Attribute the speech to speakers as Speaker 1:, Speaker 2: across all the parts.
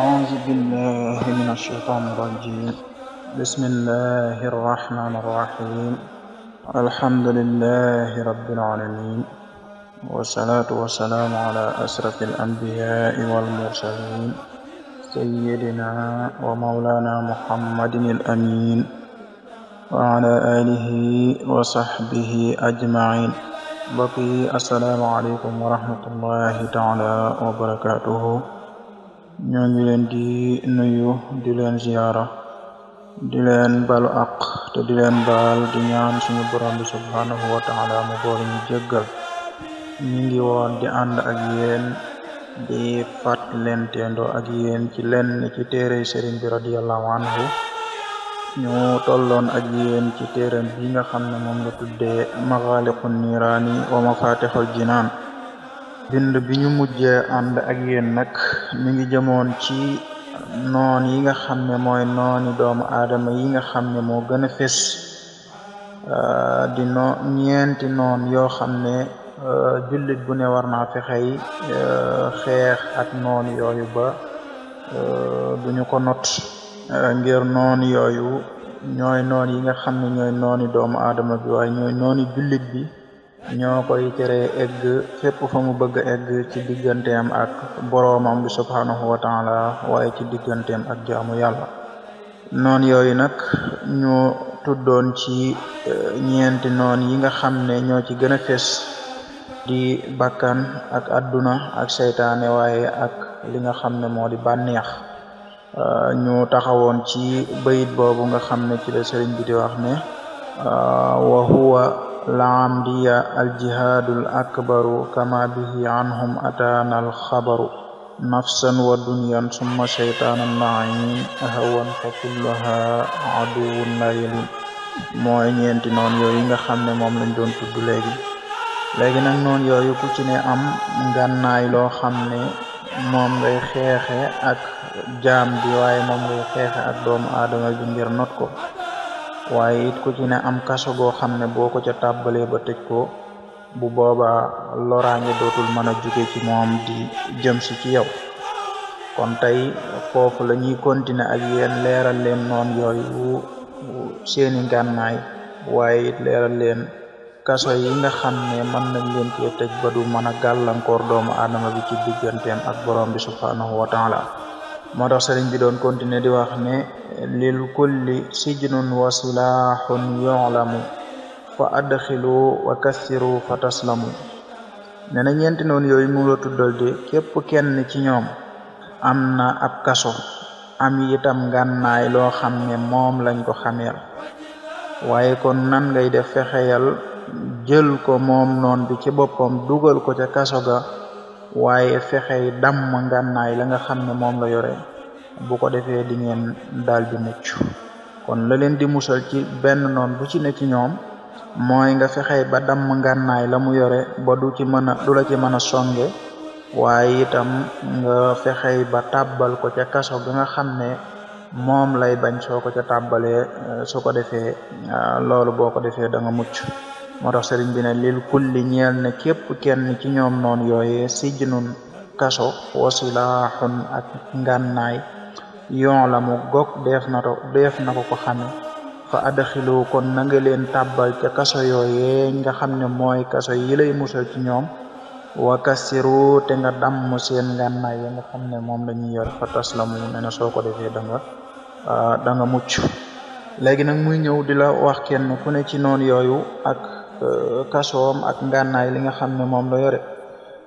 Speaker 1: أعوذ بالله من الشيطان الرجيم بسم الله الرحمن الرحيم الحمد لله رب العالمين والصلاة والسلام على أشرف الأنبياء والمرسلين سيدنا ومولانا محمد الأمين وعلى آله وصحبه أجمعين بقي السلام عليكم ورحمة الله تعالى وبركاته ñoo ngi leen di nuyu di leen ziyaara di leen balu ak te di leen baal di ñaan suñu borom bi subhanahu wa taala mu boole ñu jéggal ñi ngi woon di ànd ak yéen di fàtt leen teendoo ak yéen ci lenn ci téere sëriñ bi radiallahu anhu ñu tolloon ak yéen ci téeram bi nga xam ne moom la tuddee maxaaliqu niiraani wa mafatixul jinaan bind bi ñu mujjee ànd ak yéen nag mu ngi jëmoon ci noon yi nga xam ne mooy nooni doomu aadama yi nga xam ne moo gën a fés euh, di noo ñeenti noon yoo xam ne euh, jullit bu ne war naa fexey euh, xeex ak noon yooyu ba duñu ko not ngir noon yooyu ñooy noon yi nga xam ne ñooy nooni doomu aadama bi waaye ñooy nooni jullit bi ñoo koy tere egg fépp fa mu bëgg a egg ci digganteem ak boroomam bi subhanahu wa taala waaye ci digganteem ak jaamu yàlla noon yooyu nag ñu tuddoon ci e, ñeenti noon yi nga xam ne ñoo ci gën a fees di bakkan ak adduna ak seytaane waaye ak li nga xam ne moo di bànneex e, ñu taxawoon ci bayit boobu nga xam ne ci la sëriñ bi laamdiya aljihaadul akbaru kama bihi anhum xabaru alxabaru nafsan wa dunyan summa shaytaanan main hawan fa kullaha aduwun la yelin mooy ñeenti noonu yooyu nga xam ne moom lañ doon tudd léegi léegi nag noonu yooyu ci ne am ngànnaay loo xam ne moom ngay xeexe ak jaam bi waaye moom ngay xeexe ak doomu aadama bi ngir not ko waaye it ku ne am kaso goo xam ne boo ko ca tàbbalee ba tëj ko bu booba loraange dootul mën a jóge ci moom di jëm si ci yow kon tey foofu la ñuy continuer ak yéen leeral leen noon yooyu seeni gànnaay waaye it leeral leen kaso yi nga xam ne mën nañ leen cee tëj ba du mën a gàllankoor doomu aadama bi ci digganteem ak borom bi subhanahu wa taala moo tax sëriñ bi doon continuer di wax ne lil kulli sijnun wa silahun yu'lamu fa adxilu wa kassiru fa taslamu nee na ñeenti noonu yooyu mu la tuddal de képp kenn ci ñoom am na ab kaso am itam ngànnaay loo xam ne moom lañ ko xameel waaye kon nan ngay def fexeyal jël ko moom noon bi ci boppam dugal ko ca kaso ga waaye fexey damm ngànnaay la nga xam ne moom la yore bu ko defee di daal di mucc kon la leen di musal ci benn noon bu ci ne ci ñoom mooy nga fexey ba damm ngànnaay la mu yore ba du ci mën a du la ci mën a songe waaye itam nga fexey ba tàbbal ko ca kaso ga nga xam ne moom lay bañ soo ko ca tàbbalee soo ko defee ah, loolu boo ko defee da nga mucc moo tax sëriñ bi ne lil kulli ñeel na képp kenn ci ñoom noonu yooyee sijnun kaso wasilaaxun ak ngànnaay yoon la mu gog deef na ko na ko ko xame fa adaxilu kon na leen tàbbal ca kaso yooyee nga xam ne mooy kaso yi lay musal ci ñoom wa kasiru te nga dam seen ngànnaay yi nga xam ne moom la ñuy yor fa tas la mu ne na soo ko defee da nga ah, da nga mucc léegi nag muy ñëw di wax kenn ku ne ci noon yooyu ak Euh, kasom ak ngànnaay li nga xam ne moom la yore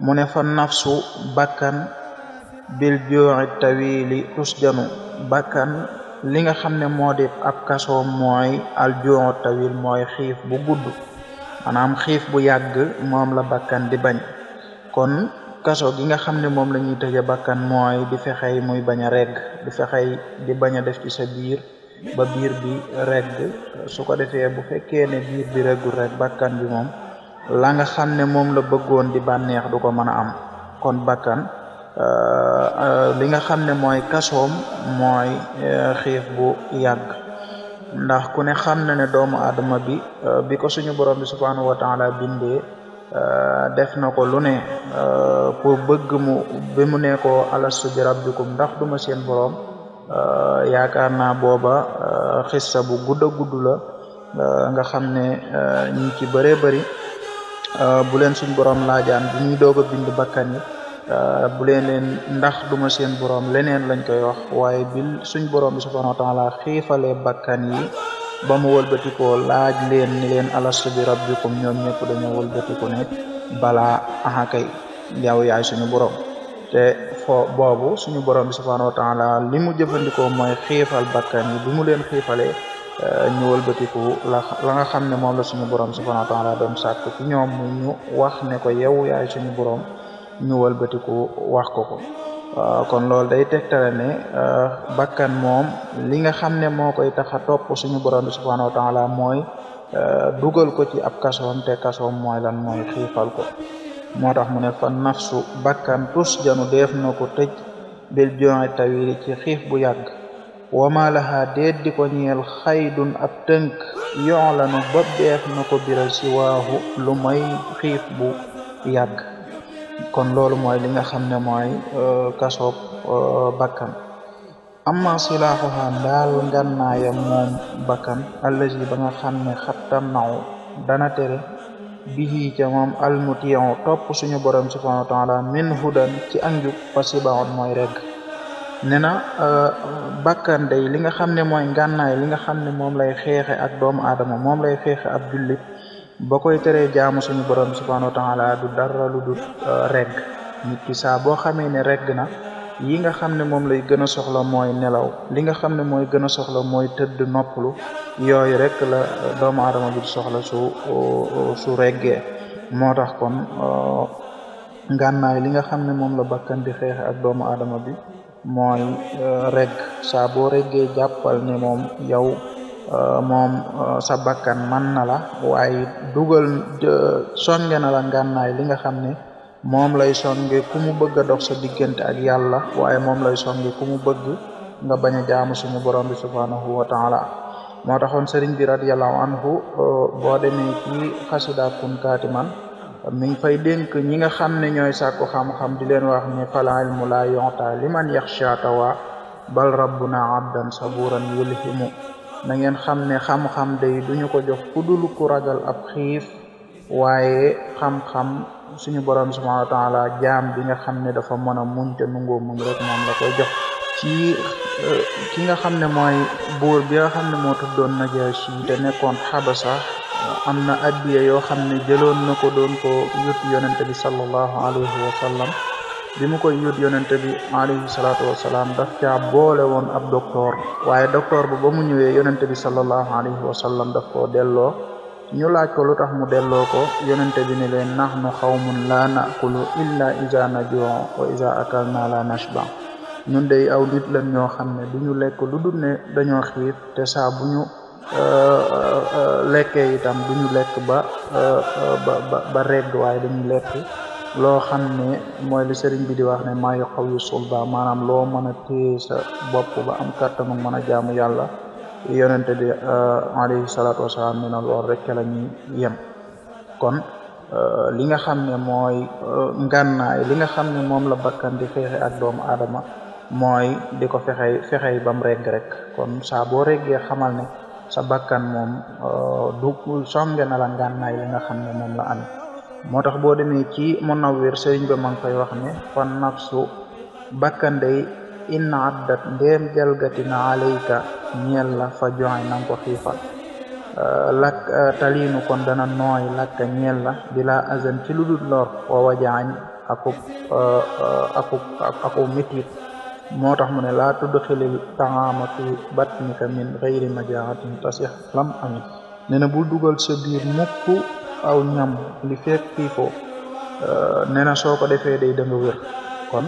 Speaker 1: mu ne fa nafsu bakkan bil joxi tawili tusjanu bakkan li nga xam ne moo di ab kasoom mooy al joxu tawil mooy xiif bu gudd maanaam xiif bu yàgg moom la bakkan di bañ kon kaso gi nga xam ne moom la ñuy tëje bakkan mooy di fexey muy bañ a regg di fexey di bañ a def ci sa biir ba biir bi regg su ko defee bu fekkee ne biir bi reggul rek bakkan bi moom langa nga xam ne moom la bëggoon di bànneex du ko mën a am kon bakkan euh, euh, li nga xam ne mooy kasoom mooy euh, xiif bu yàgg ndax ku ne xam na ne doomu aadama bi bi ko suñu borom bi subhanahu wa taala bindee def na ko lu ne pour bëgg mu mu ne ko alastu bi rabbikum ndax duma seen borom Euh, yaakaar naa booba euh, xissa bu gudd a gudd la euh, nga xam ne ñi ci bëree bëri bu leen suñ borom laajaan bu ñuy doog a bind bakkan yi bu leen leen ndax duma seen borom leneen lañ koy wax waaye bil suñ borom bi subhanahu wa taala xiifalee bakkan yi ba mu wëlbatikoo laaj leen ni leen alastu bi rabbikum ñoom ñëpp dañoo wëlbatiku ne balaa aha kay yow yaay suñu borom te fo boobu suñu borom bi subhanahu wa taala li mu jëfandikoo mooy xiifal bakkan yi bi mu leen xiifalee euh, ñu wëlbatiku la la nga xam ne moom la suñu borom subhanahu wa taala doon sàkk ci ñoom ñu wax ne ko yow yaay suñu borom ñu wëlbatiku wax ko ko kon loolu day tegtale ne euh, bakkan moom li nga xam ne moo koy tax a topp suñu borom bi subhanahu wa taala mooy euh, dugal ko ci ab kasoom te kasoom mooy lan mooy xiifal ko moo tax mu ne fa nafsu bakkan tus janu def na ko tëj bil jonge ci xiif bu yàgg wama laha déet di ko ñeel xaydun ab tënk yonlanu ba beef na ko bira si lu moy xiif bu yàgg kon loolu mooy li nga xam ne mooy euh, kasoob euh, bakkan amma silaaxuha daal ngannaayam moom bakkan allazi ba nga xam ne xattam naw dana tere bihi ca moom almutiyon topp suñu borom subhanahu wa taala min hudan ci anjub pasibaon mooy regg ne na euh, bakkan day li nga xam ne mooy ngànnaay li nga xam ne moom lay xeexe ak doomu aadama moom lay xeexe ak jullit ba koy teree jaamu suñu borom subhanahu wa taala du dara lu dul euh, regg nit ki saa boo xamee ne regg na yi nga xam ne moom lay gën a soxla mooy nelaw li nga xam ne mooy gën soxla mooy tëdd noppalu yooyu rek la uh, doomu aadama bi soxla su uh, su reggee moo tax kon uh, ngànnaay li nga xam ne moom la bakkan di xeex ak doomu aadama bi mooy regg saa boo reggee jàppal ne moom yow moom sa bakkan mën na la waaye dugal songe na la li nga xam ne moom lay songe ku mu bëgg a dox sa diggante ak yàlla waaye moom lay songe ku mu bëgg nga bañ a jaamu suñu borom bi subhanahu wa taala moo taxoon sëriñ bi radiyallahu anhu uh, boo demee ci xasida kun man mi ngi fay dénk ñi nga xam ne ñooy sàkku xam-xam di leen wax ne fala ilmu la yonta liman yaxsha tawa bal rabbuna abdan saburan yulhimu na ngeen xam ne xam-xam day duñu ko jox ku dul ku ragal ab xiif waaye xam-xam suñu borom subhanahu wa taala jaam bi nga xam ne dafa mën a muñ te nungoo muñ rek moom la koy jox ci euh, ki nga xam ne mooy buur bi nga xam ne moo tuddoon Najaashi te nekkoon Xabasa am na addiya yoo xam ne jëloon na ko doon ko yut yonente bi sallallahu alayhi wa sallam bi mu koy yut yonente bi alayhi salaatu wasalaam daf caa boole woon ab docteur waaye docteur bu ba mu ñëwee yonente bi sallallahu alayhi wa sallam daf koo delloo ñu laaj ko lu tax mu delloo ko yonente bi ne leen nahnu xawmun laa nakulu illa iza najoo wa iza akalna la nashba ñun day aw nit lan ñoo xam ne du ñu lekk lu dul ne dañoo xiif te saa bu ñu euh, euh, euh, itam du ñu lekk ba ba ba regg waaye dañuy lekk loo xam ne mooy li sëriñ bi di wax ne maa yu xaw yu sulba maanaam loo mën a téye sa bopp ba am kattanu mën a jaamu yàlla yonente bi uh, alayhi salaatu wasalaam ne na lool rek la ñuy yem kon uh, li nga xam ne mooy uh, ngànnaay li nga xam ne moom la bakkan di fexe ak doomu aadama mooy di ko fexey fexey ba mu regg rek kon saa boo reggee xamal ne sa bakkan moom du songe na la ngànnaay li nga xam ne moom la amee moo tax boo demee ci Munawwir sëriñ ba ma ngi koy wax ne kon nafsu bakkan in addat ndeem jalgatina alayka ñeel la fa joxe nang ko xiifal euh, lak euh, taliinu kon dana nooy lakka ñeel la bila azan ci lu dul lor wa wajaañ akub euh, akub akub mitit moo tax mu ne laa tudxilil taama fi batnika min gayri majaatin tasix lam amin nee na bul dugal sa biir aw ñam li fekk fii ko nee na soo ko defee day da nga kon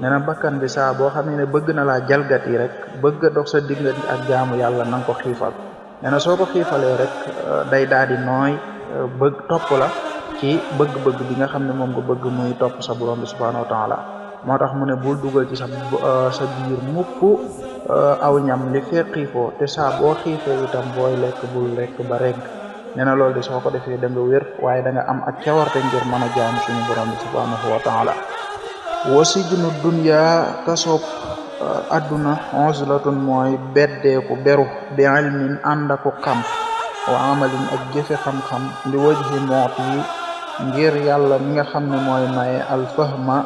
Speaker 1: nee na bakkan bi saa boo xam ne bëgg na laa jalgati rek bëgg a dox sa diggante ak jaamu yàlla na nga ko xiifal nee na soo ko xiifalee rek euh, day daal di nooy euh, bëgg topp la ci bëgg-bëgg bi nga xam ne moom nga bëgg muy topp sa borom bi subhanahu wa taala moo tax mu ne bul dugal ci sa euh, sa biir mukk aw ñam li fee xiifoo te saa boo xiifee booy lekk bul lekk ba regg nee loolu de soo ko defee da nga wér waaye da am ak cawarte ngir mën a jaamu suñu borom bi subhanahu wa taala wa sijnu dunya kasob uh, adduna uzlatun mooy beddeeku beru bi ilmin ànd aku xam wa amalin ak xam-xam li wajhi moot yi ngir yàlla mi nga xam ne mooy maye alfahma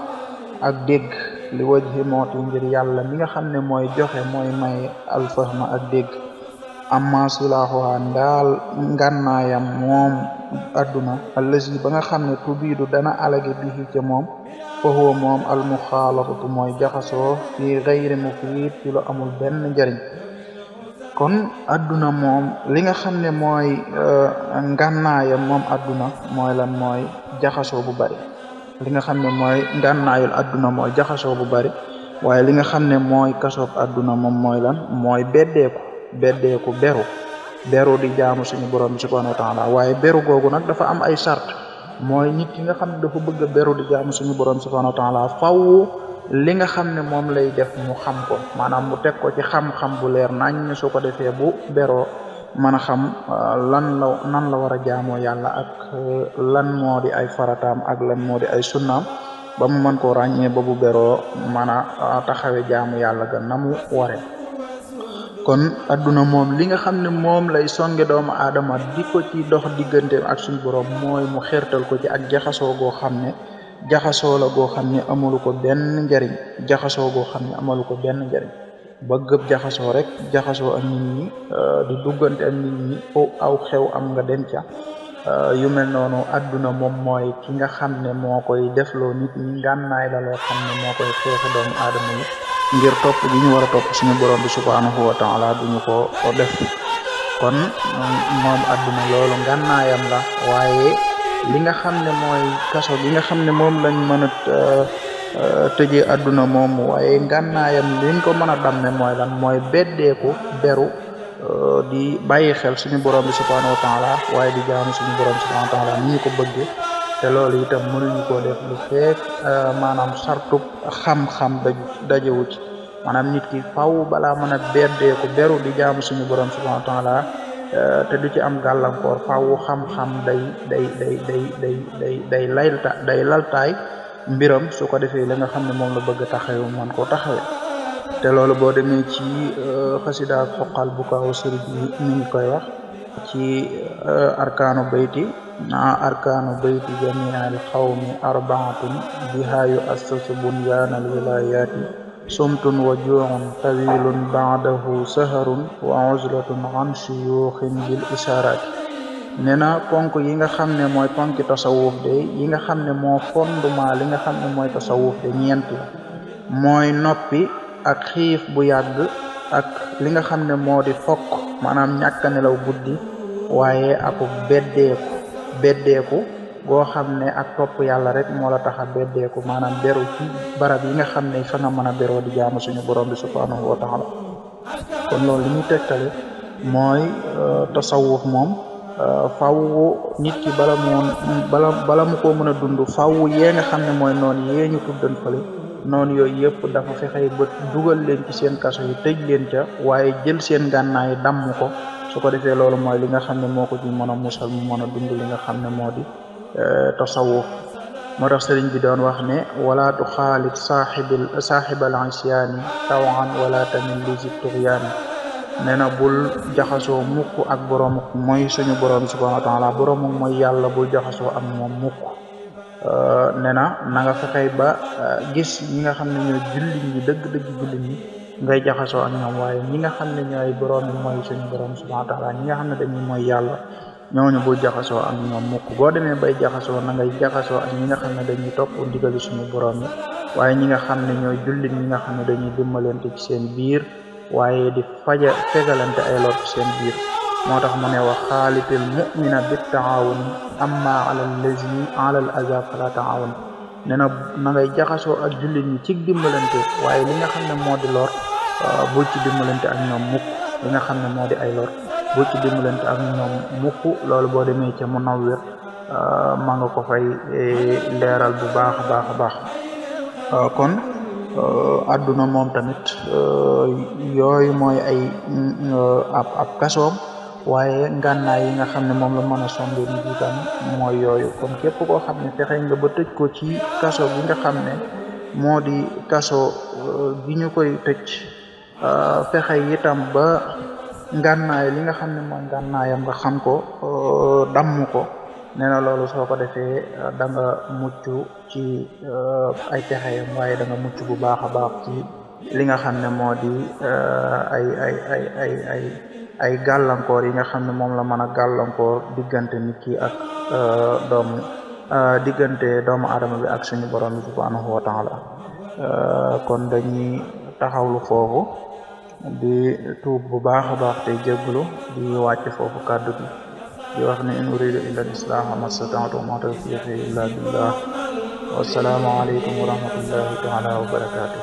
Speaker 1: ak dégg li wajhi moot yi ngir yàlla mi nga xam ne mooy joxe mooy maye alfahma ak dégg amma silaaxuha ndaal ngànnaayam moom adduna allazi ba nga xam ne tubiidu dana alage bihi ca moom fa huwa moom almuxaalafatu mooy jaxasoo fii gayri mufiid ci lu amul benn njariñ kon adduna moom li nga xam ne mooy euh, ngànnaayam moom adduna mooy lan mooy jaxasoo bu bari li xam ne mooy ngànnaayul adduna mooy jaxasoo bu bari waaye li nga xam ne mooy kasoog adduna moom mooy lan mooy beddeeku beddeeku beru beru di jaamu suñu borom bi subhanahu wa taala waaye beru googu nag dafa am ay sart mooy nit ki nga xam ne dafa bëgg a beru di jaamu suñu borom bi subhanahu wa taala faw li nga xam ne moom lay def mu xam ko maanaam mu teg ko ci xam-xam bu leer nañ su ko defee bu bero mën a xam uh, lan la nan la war a jaamoo yàlla ak uh, lan moo ay farataam ak lan moo di ay sunnaam ba mu mën koo ràññee ba bu beroo mën a uh, taxawe jaamu yàlla ga na mu kon adduna moom li nga xam ne moom lay songe doomu aadama di ko ci dox diggante ak suñu borom mooy mu xeertal ko ci ak jaxasoo goo xam ne jaxasoo la goo xam ne amalu ko benn njariñ jaxasoo goo xam ne amalu ko benn njariñ bëggëb jaxasoo rek jaxasoo ak nit ñi euh, di duggante ak nit ñi fo aw xew am nga dem ca euh, yu mel noonu adduna moom mooy ki nga xam ne moo koy defloo nit ñi ngànnaay la loo xam ne moo koy xeex doomu aadama ngir topp gi ñu war a topp suñu borom bi subhanahu wa taala duñu ko def kon moom adduna loolu ngànnaayam la waaye li nga xam ne mooy kaso gi nga xam ne moom lañ mën a euh, euh, tëjee adduna moom waaye ngànnaayam liñ ko mën a damme mooy lan mooy beddeeku beru euh, di bàyyi xel suñu borom bi subhanahu wa taala waaye di jaamu suñu borom bi subhanahu wa taala ni ko bëggee te loolu itam mënuñu koo def lu feek euh, maanaam sartub xam-xam daju dajewu ci maanaam nit ki faw balaa mën a beddeeku beru di jaamu suñu borom subhanahu wa taala euh, te du ci am gàllankoor faw xam-xam day day day day day day day day laltaay mbiram su ko defee li nga xam ne moom la bëgg a taxawu man koo taxawee te loolu boo demee ci euh, xasida foqal bu kaw sëriñ mi ngi koy wax ci arkaanu bayti maa arkaanu beyti jamiil qawmi arbaatun biha yuassasu bunyaan alwilayaati sumtun wa juucun tawilun baadahu saharun wa uzlatun an shuyuuxin bil ishaaraat nee na ponk yi nga xam ne mooy ponki tasawuf de yi nga xam ne moo fondement li nga xam ne mooy tasawuf de ñeent mooy noppi ak xiif bu yàgg ak li nga xam ne moo di fok maanaam ñàkk nelaw guddi waaye ak beddeeku beddeeku goo xam ne ak topp yàlla rek moo la tax a beddeeku maanaam beru ci barab yi nga xam ne fa nga mën a beroo di jaamu suñu borom bi subhanahu wa taala kon loolu li muy tegtale mooy euh, tasawuf moom euh, faw nit ki bala moon bala mu koo mën a dund faw yee nga xam ne mooy noonu yee ñu tuddan fële noonu yooyu yëpp dafa fexey ba dugal leen ci seen kaso yi tëj leen ca waaye jël seen gànnaay damm ko su ko defee loolu mooy li nga xam ne moo ko ci mën a musal mu a dund li nga xam ne moo di eh, tasawuf moo tax sëriñ bi doon wax ne wala tuxaalib saaxibil saaxibal isyaani tawan wala tamit li si tuxyaani nee na bul jaxasoo mukk ak borom mooy suñu borom subhanahu wa taala borom mooy yàlla bul jaxasoo am moom mukk eh, nee na na ba eh, gis ñi nga xam ne ñooy jullit ñi dëgg-dëgg jullit ñi ngay jaxasoo ak ñoom waaye ñi nga xam ne ñooy borom mooy suñu borom subhanahu wa taala ñi nga xam ne dañuy mooy yàlla ñooñu bu jaxasoo ak ñoom mukk boo demee bay jaxasoo na ngay jaxasoo ak ñi nga xam ne dañuy topp ndigali suñu borom yi waaye ñi nga xam ne ñooy jullit ñi nga xam ne dañuy dimbalante ci seen biir waaye di faja fegalante ay lor seen biir moo tax mu ne wa xaalitil mumina bi taawun amma ala lazi ala al aza fala taawun ne na na ngay jaxasoo ak jullit ñi ci dimbalante waaye li nga xam ne moo di lor Euh, bul ci dimbalante ak ñoom mukk li nga xam ne moo di ay lor bul ci dimbalante ak ñoom mukk loolu boo demee ca Munawwir euh, ma nga ko fay eh, leeral bu baax a baax a baax euh, kon adduna moom tamit yooyu mooy ay mm, ab kasom kasoom waaye ngànnaay yi nga xam ne moom la mën a sonde nit yi tam yooyu kon képp koo xam ne fexe nga ba tëj ko ci kaso bi nga xam ne moo di kaso bi ñu koy tëj fexe euh, itam ba ngànnaay li nga xam ne mooy ngànnaayam nga xam ko euh, dam ko nee na loolu soo ko defee euh, da nga mucc ci ay pexeyam waaye da nga mucc bu baax a baax ci li nga xam ne moo di ay ay ay ay gàllankoor yi nga xam ne moom la mën a gàllankoor diggante nit ki ak doomu diggante doomu aadama bi ak suñu borom bi subhanahu wa taala kon dañuy taxawlu foofu di tuub bu baax a baax te jégglu di wàcc foofu kàddu gi di wax ne in uridu illa al islam ma stata'tu ma tawfiqi illa billah wassalaamu aleykum wa rahmatullahi taala wa barakatuh